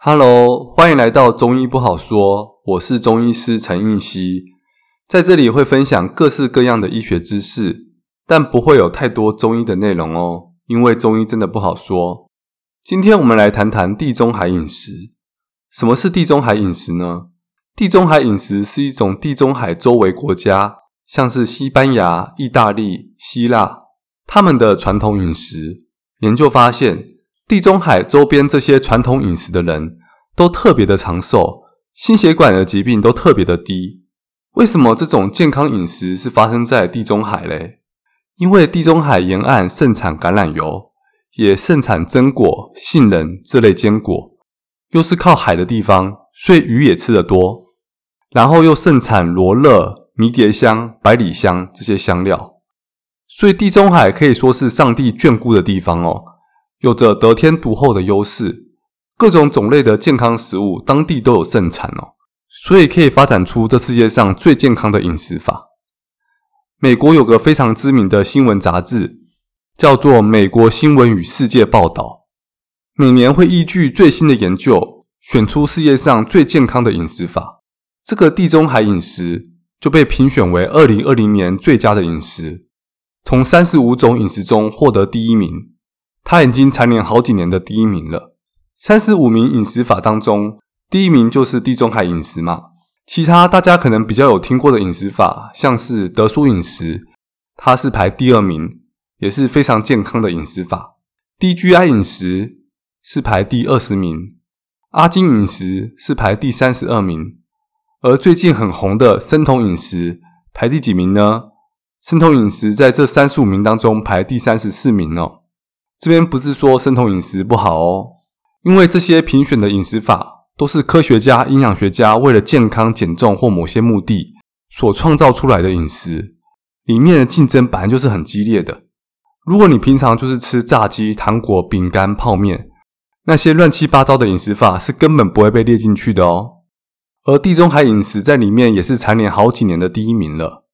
Hello，歡迎來到中醫不好說。我是中醫師陳應希。在這裡會分享各式各樣的醫學知識，但不會有太多中醫的內容哦，因為中醫真的不好說。今天我們來談談地中海飲食。什麼是地中海飲食呢？地中海飲食是一種地中海周圍國家，像是西班牙、意大利、希臘，他們的傳統飲食。研究發現，地中海周邊這些傳統飲食的人都特別的長壽，心血管的疾病都特別的低。為什麼這種健康飲食是發生在地中海嘞？因為地中海沿岸盛產橄欖油，也盛產榛果、杏仁這類堅果，又是靠海的地方，所以魚也吃得多。然後又盛產羅勒、迷迭香、百里香這些香料，所以地中海可以說是上帝眷顧的地方哦。有着得天獨厚的優勢，各種種類的健康食物當地都有盛產哦，所以可以發展出這世界上最健康的飲食法。美國有個非常知名的新聞雜誌，叫做《美國新聞與世界報道》，每年會依據最新的研究，選出世界上最健康的飲食法。這個地中海飲食就被評選為二零二零年最佳的飲食，從三十五種飲食中獲得第一名。他已經蟬聯好幾年的第一名了。三十五名飲食法當中，第一名就是地中海飲食嘛。其他大家可能比較有聽過的飲食法，像是得舒飲食，它是排第二名，也是非常健康的飲食法。低 GI 飲食是排第二十名，阿金飲食是排第三十二名，而最近很紅的生酮飲食排第幾名呢？生酮飲食在這三十五名當中排第三十四名哦。這邊不是說生酮飲食不好哦，因為這些評選的飲食法都是科學家、營養學家為了健康、減重或某些目的所創造出來的飲食，裡面的競爭本來就是很激烈的。如果你平常就是吃炸雞、糖果、餅乾、泡麵，那些亂七八糟的飲食法是根本不會被列進去的哦。而地中海飲食在裡面也是蟬聯好幾年的第一名了。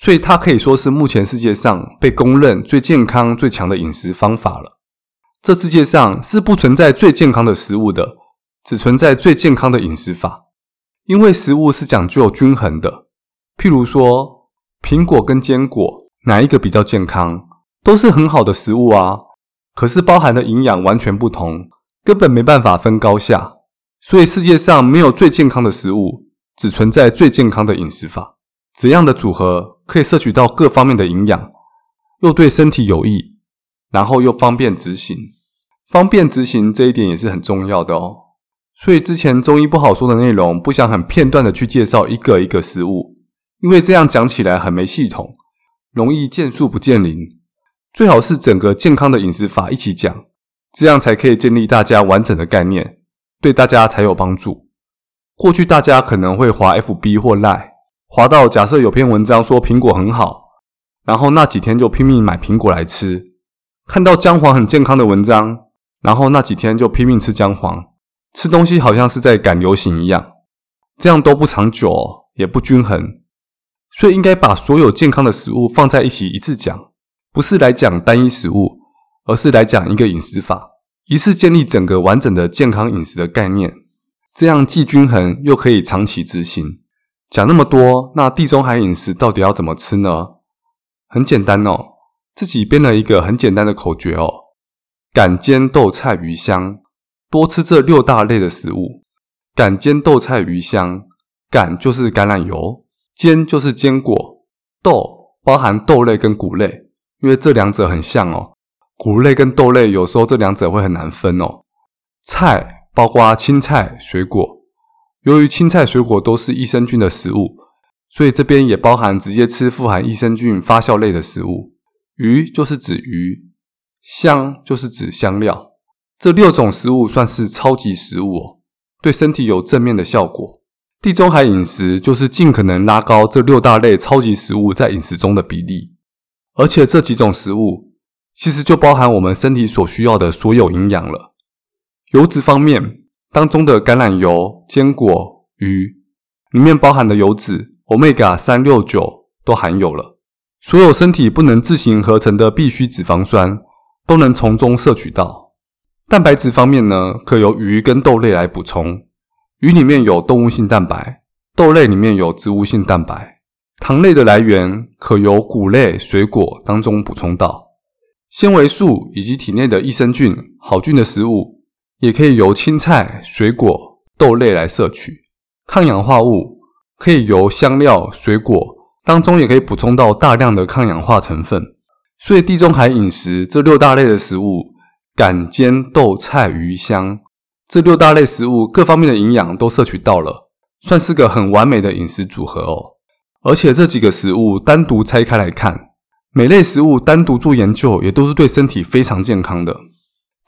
所以它可以說是目前世界上被公認最健康、最強的飲食方法了。這世界上是不存在最健康的食物的，只存在最健康的飲食法。因為食物是講究均衡的。譬如說，蘋果跟堅果哪一個比較健康？都是很好的食物啊，可是包含的營養完全不同，根本沒辦法分高下。所以世界上沒有最健康的食物，只存在最健康的飲食法。怎樣的組合？可以攝取到各方面的營養，又對身體有益，然後又方便執行，方便執行這一點也是很重要的哦。所以之前中醫不好說的內容，不想很片段的去介紹一個一個食物，因為這樣講起來很沒系統，容易見樹不見林。最好是整個健康的飲食法一起講，這樣才可以建立大家完整的概念，對大家才有幫助。過去大家可能會滑 FB 或 Line。滑到假設有篇文章說蘋果很好，然後那幾天就拼命買蘋果來吃。看到薑黃很健康的文章，然後那幾天就拼命吃薑黃。吃東西好像是在趕流行一樣，這樣都不長久，也不均衡。所以應該把所有健康的食物放在一起一次講，不是來講單一食物，而是來講一個飲食法，一次建立整個完整的健康飲食的概念。這樣既均衡又可以長期執行。講那麼多，那地中海飲食到底要怎麼吃呢？很簡單哦，自己編了一個很簡單的口訣哦：橄堅豆菜魚香，多吃這六大類的食物。橄堅豆菜魚香，橄就是橄欖油，堅就是堅果，豆包含豆類跟穀類，因為這兩者很像哦。穀類跟豆類有時候這兩者會很難分哦。菜包括青菜、水果。由於青菜、水果都是益生菌的食物，所以這邊也包含直接吃富含益生菌發酵類的食物。魚就是指魚，香就是指香料。這六種食物算是超級食物哦，對身體有正面的效果。地中海飲食就是盡可能拉高這六大類超級食物在飲食中的比例，而且這幾種食物其實就包含我們身體所需要的所有營養了。油脂方面。當中的橄欖油、堅果、魚，裡面包含的油脂歐米伽三六九都含有了，所有身體不能自行合成的必需脂肪酸都能從中攝取到。蛋白質方面呢，可由魚跟豆類來補充，魚裡面有動物性蛋白，豆類裡面有植物性蛋白。糖類的來源可由穀類、水果當中補充到，纖維素以及體內的益生菌、好菌的食物，也可以由青菜、水果、豆類來攝取抗氧化物，可以由香料、水果當中也可以補充到大量的抗氧化成分。所以地中海飲食這六大類的食物，橄堅豆菜、魚香，這六大類食物各方面的營養都攝取到了，算是個很完美的飲食組合哦。而且這幾個食物單獨拆開來看，每類食物單獨做研究也都是對身體非常健康的。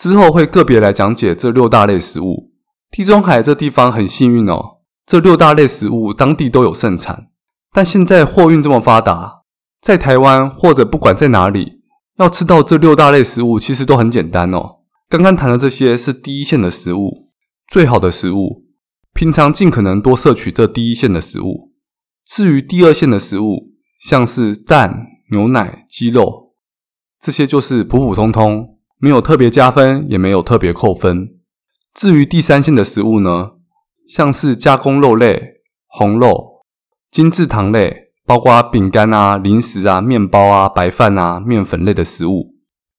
之後會個別來講解這六大類食物。地中海這地方很幸運哦，這六大類食物當地都有盛產。但現在貨運這麼發達，在台灣或者不管在哪裡，要吃到這六大類食物其實都很簡單哦。剛剛談的這些是第一線的食物，最好的食物，平常盡可能多攝取這第一線的食物。至於第二線的食物，像是蛋、牛奶、雞肉，這些就是普普通通。沒有特別加分，也沒有特別扣分。至於第三線的食物呢，像是加工肉類、紅肉、精製糖類，包括餅乾啊、零食啊、麵包啊、白飯啊、麵粉類的食物，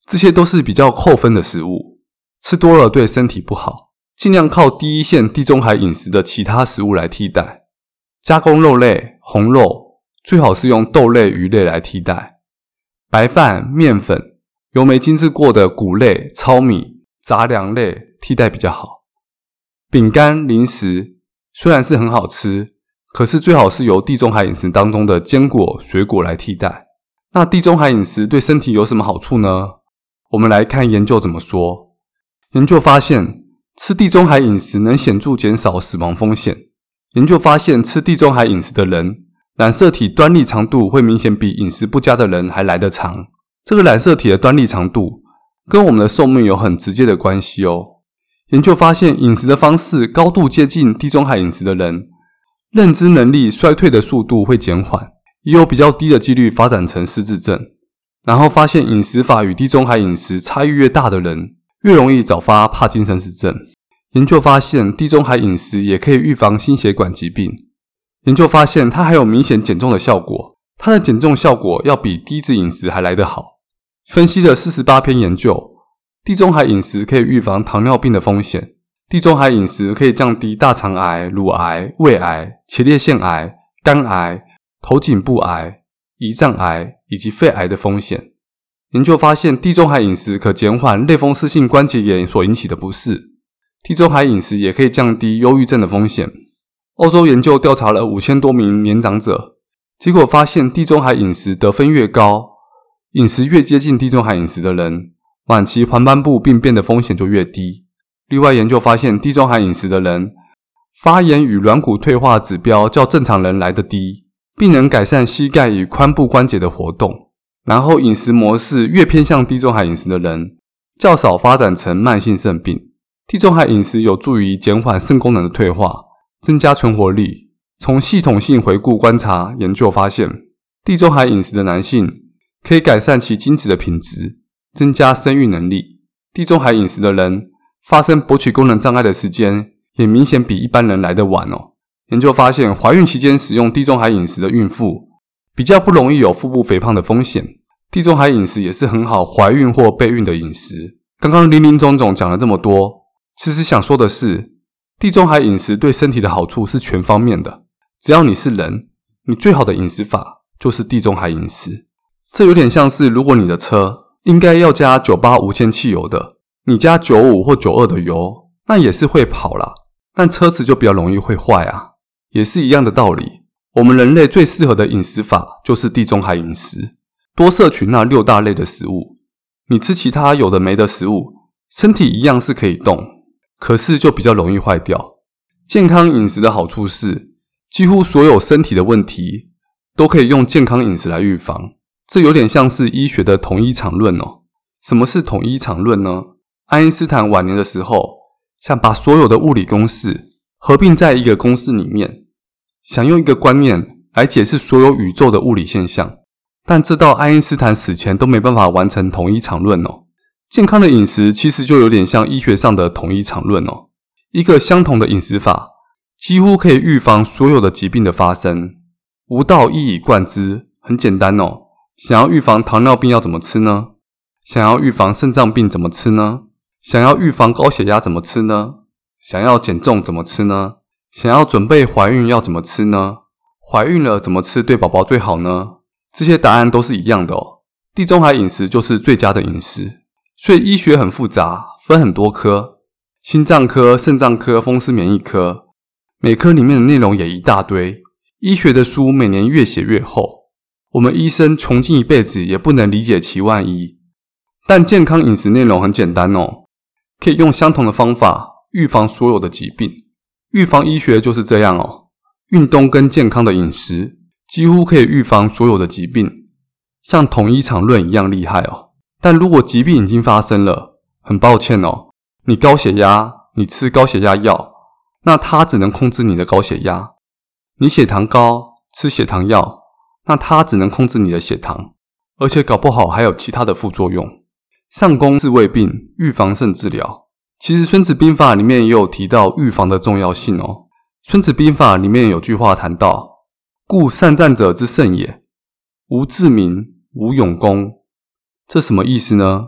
這些都是比較扣分的食物，吃多了對身體不好，儘量靠第一線地中海飲食的其他食物來替代。加工肉類、紅肉最好是用豆類、魚類來替代。白飯、麵粉。由沒精製過的穀類、糙米、雜糧類替代比較好。餅乾、零食雖然是很好吃，可是最好是由地中海飲食當中的堅果、水果來替代。那地中海飲食對身體有什麼好處呢？我們來看研究怎麼說。研究發現，吃地中海飲食能顯著減少死亡風險。研究發現，吃地中海飲食的人，染色體端粒長度會明顯比飲食不佳的人還來得長。這個染色體的端粒長度跟我們的壽命有很直接的關係哦。研究發現，飲食的方式高度接近地中海飲食的人，認知能力衰退的速度會減緩，也有比較低的幾率發展成失智症。然後發現，飲食法與地中海飲食差異越大的人，越容易早發帕金森氏症。研究發現，地中海飲食也可以預防心血管疾病。研究發現，它還有明顯減重的效果，它的減重效果要比低脂飲食還來得好。分析了四十八篇研究，地中海飲食可以預防糖尿病的風險。地中海飲食可以降低大腸癌、乳癌、胃癌、前列腺癌、肝癌、頭頸部癌、胰臟癌以及肺癌的風險。研究發現，地中海飲食可減緩類風濕性關節炎所引起的不適。地中海飲食也可以降低憂鬱症的風險。澳洲研究調查了五千多名年長者，結果發現，地中海飲食得分越高。飲食越接近地中海飲食的人，晚期黃斑部病變的風險就越低。另外，研究發現，地中海飲食的人發炎與軟骨退化指標較正常人來得低，並能改善膝蓋與髖部關節的活動。然後，飲食模式越偏向地中海飲食的人，較少發展成慢性腎病。地中海飲食有助於減緩腎功能的退化，增加存活率。從系統性回顧觀察研究發現，地中海飲食的男性。可以改善其精子的品質，增加生育能力。地中海飲食的人發生勃起功能障礙的時間也明顯比一般人來得晚哦。研究發現，懷孕期間使用地中海飲食的孕婦比較不容易有腹部肥胖的風險。地中海飲食也是很好懷孕或備孕的飲食。剛剛林林總總講了這麼多，其實想說的是，地中海飲食對身體的好處是全方面的。只要你是人，你最好的飲食法就是地中海飲食。這有點像是，如果你的車應該要加九八無鉛汽油的，你加九五或九二的油，那也是會跑啦。但車子就比較容易會壞啊。也是一樣的道理，我們人類最適合的飲食法就是地中海飲食，多攝取那六大類的食物。你吃其他有的沒的食物，身體一樣是可以動，可是就比較容易壞掉。健康飲食的好處是，幾乎所有身體的問題都可以用健康飲食來預防。這有點像是醫學的統一場論哦。什麼是統一場論呢？愛因斯坦晚年的時候，想把所有的物理公式合併在一個公式裡面，想用一個觀念來解釋所有宇宙的物理現象。但這到愛因斯坦死前都沒辦法完成統一場論哦。健康的飲食其實就有點像醫學上的統一場論哦，一個相同的飲食法幾乎可以預防所有的疾病的發生。吾道一以貫之，很簡單哦。想要預防糖尿病要怎麼吃呢？想要預防腎臟病怎麼吃呢？想要預防高血壓怎麼吃呢？想要減重怎麼吃呢？想要準備懷孕要怎麼吃呢？懷孕了怎麼吃對寶寶最好呢？這些答案都是一樣的哦。地中海飲食就是最佳的飲食。所以醫學很複雜，分很多科。心臟科、腎臟科、風濕免疫科，每科裡面的內容也一大堆。醫學的書每年越寫越厚。我們醫生窮盡一輩子也不能理解其萬一，但健康飲食內容很簡單哦，可以用相同的方法預防所有的疾病。預防醫學就是這樣哦，運動跟健康的飲食幾乎可以預防所有的疾病，像統一場論一樣厲害哦。但如果疾病已經發生了，很抱歉哦，你高血壓，你吃高血壓藥，那它只能控制你的高血壓；你血糖高，吃血糖藥。那它只能控制你的血糖，而且搞不好還有其他的副作用。上工治未病，預防勝治療。其實《孫子兵法》裡面也有提到預防的重要性哦。《孫子兵法》裡面有句話談到：“故善戰者之勝也，無智名、無勇功。”這什麼意思呢？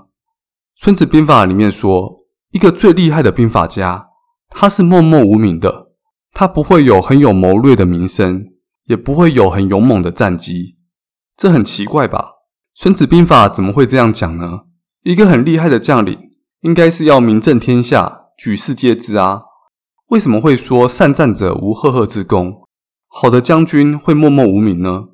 《孫子兵法》裡面說，一個最厲害的兵法家，他是默默無名的，他不會有很有謀略的名聲。也不會有很勇猛的戰績，這很奇怪吧？《孫子兵法》怎麼會這樣講呢？一個很厲害的將領，應該是要名震天下，舉世皆知啊！為什麼會說善戰者無赫赫之功？好的將軍會默默無名呢？《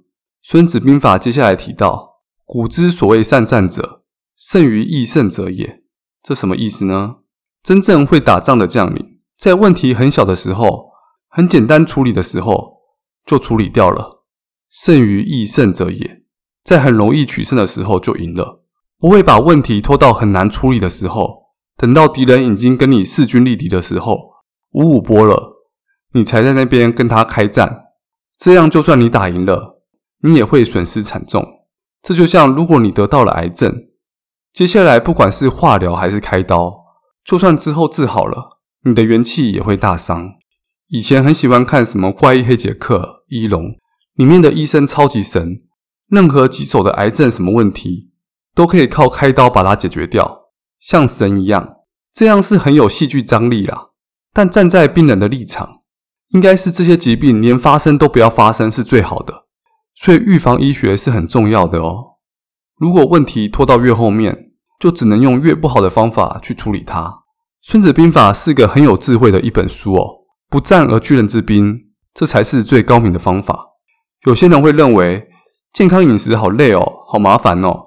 孫子兵法》接下來提到：“古之所謂善戰者，勝於易勝者也。”這什麼意思呢？真正會打仗的將領，在問題很小的時候，很簡單處理的時候。就處理掉了。勝於易勝者也，在很容易取勝的時候就贏了，不會把問題拖到很難處理的時候。等到敵人已經跟你勢均力敵的時候，五五波了，你才在那邊跟他開戰。這樣就算你打贏了，你也會損失慘重。這就像如果你得到了癌症，接下來不管是化療還是開刀，就算之後治好了，你的元氣也會大傷。以前很喜歡看什麼《怪醫黑傑克》《醫龍》，裡面的醫生超級神，任何棘手的癌症什麼問題都可以靠開刀把它解決掉，像神一樣。這樣是很有戲劇張力啦。但站在病人的立場，應該是這些疾病連發生都不要發生是最好的。所以預防醫學是很重要的哦。如果問題拖到越後面，就只能用越不好的方法去處理它。《孫子兵法》是個很有智慧的一本書哦。不戰而屈人之兵，這才是最高明的方法。有些人會認為健康飲食好累哦，好麻煩哦，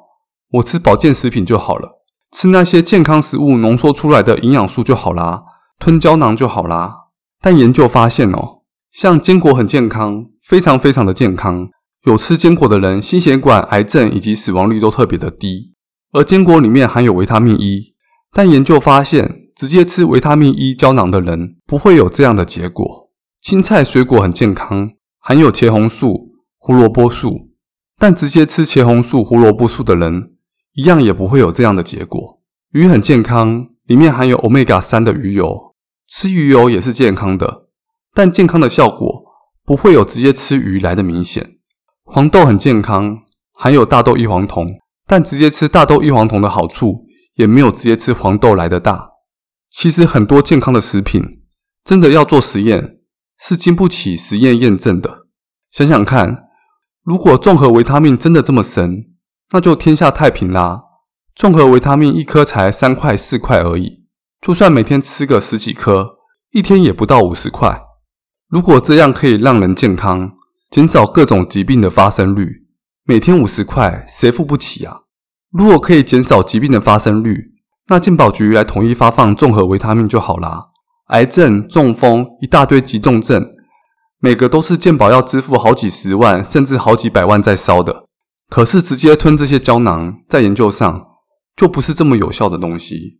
我吃保健食品就好了，吃那些健康食物濃縮出來的營養素就好啦，吞膠囊就好啦。但研究發現哦，像堅果很健康，非常非常的健康，有吃堅果的人，心血管、癌症以及死亡率都特別的低。而堅果裡面含有維他命 E，但研究發現。直接吃維他命 E 膠囊的人不會有這樣的結果。青菜、水果很健康，含有茄紅素、胡蘿蔔素，但直接吃茄紅素、胡蘿蔔素的人一樣也不會有這樣的結果。魚很健康，裡面含有 Omega 三的魚油，吃魚油也是健康的，但健康的效果不會有直接吃魚來的明顯。黃豆很健康，含有大豆異黃酮，但直接吃大豆異黃酮的好處也沒有直接吃黃豆來的大。其實很多健康的食品，真的要做實驗，是經不起實驗驗證的。想想看，如果綜合維他命真的這麼神，那就天下太平啦。綜合維他命一顆才三塊四塊而已，就算每天吃個十幾顆，一天也不到五十塊。如果這樣可以讓人健康，減少各種疾病的發生率，每天五十塊，誰付不起啊？如果可以減少疾病的發生率。那健保局來統一發放綜合維他命就好啦，癌症、中風一大堆急重症，每個都是健保要支付好幾十萬甚至好幾百萬在燒的。可是直接吞這些膠囊，在研究上就不是這麼有效的東西。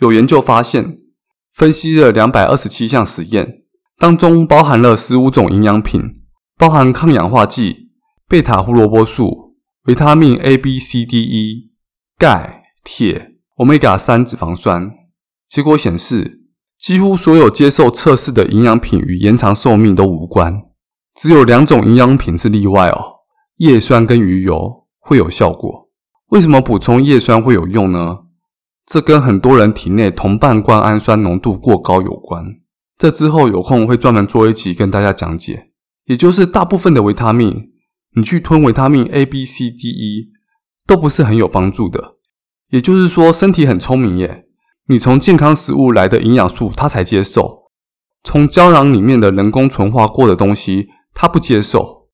有研究發現，分析了兩百二十七項實驗，當中包含了十五種營養品，包含抗氧化劑、貝塔胡蘿蔔素、維他命 A、B、C、D、E、鈣、鐵。Omega 三脂肪酸，結果顯示，幾乎所有接受測試的營養品與延長壽命都無關，只有兩種營養品是例外哦，葉酸跟魚油會有效果。為什麼補充葉酸會有用呢？這跟很多人體內同半胱氨酸濃度過高有關。這之後有空會專門做一集跟大家講解。也就是大部分的維他命，你去吞維他命 A、B、C、D、E，都不是很有幫助的。也就是說，身體很聰明耶，你從健康食物來的營養素，它才接受；從膠囊裡面的人工純化過的東西，它不接受。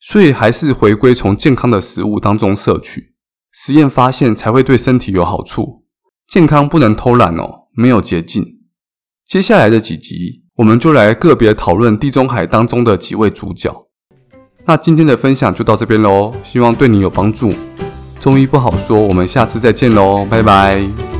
所以還是回歸從健康的食物當中攝取。實驗發現才會對身體有好處，健康不能偷懶哦，沒有捷徑。接下來的幾集，我們就來個別討論地中海當中的幾位主角。那今天的分享就到這邊囉，希望對你有幫助。中醫不好說，我們下次再見嘍，拜拜。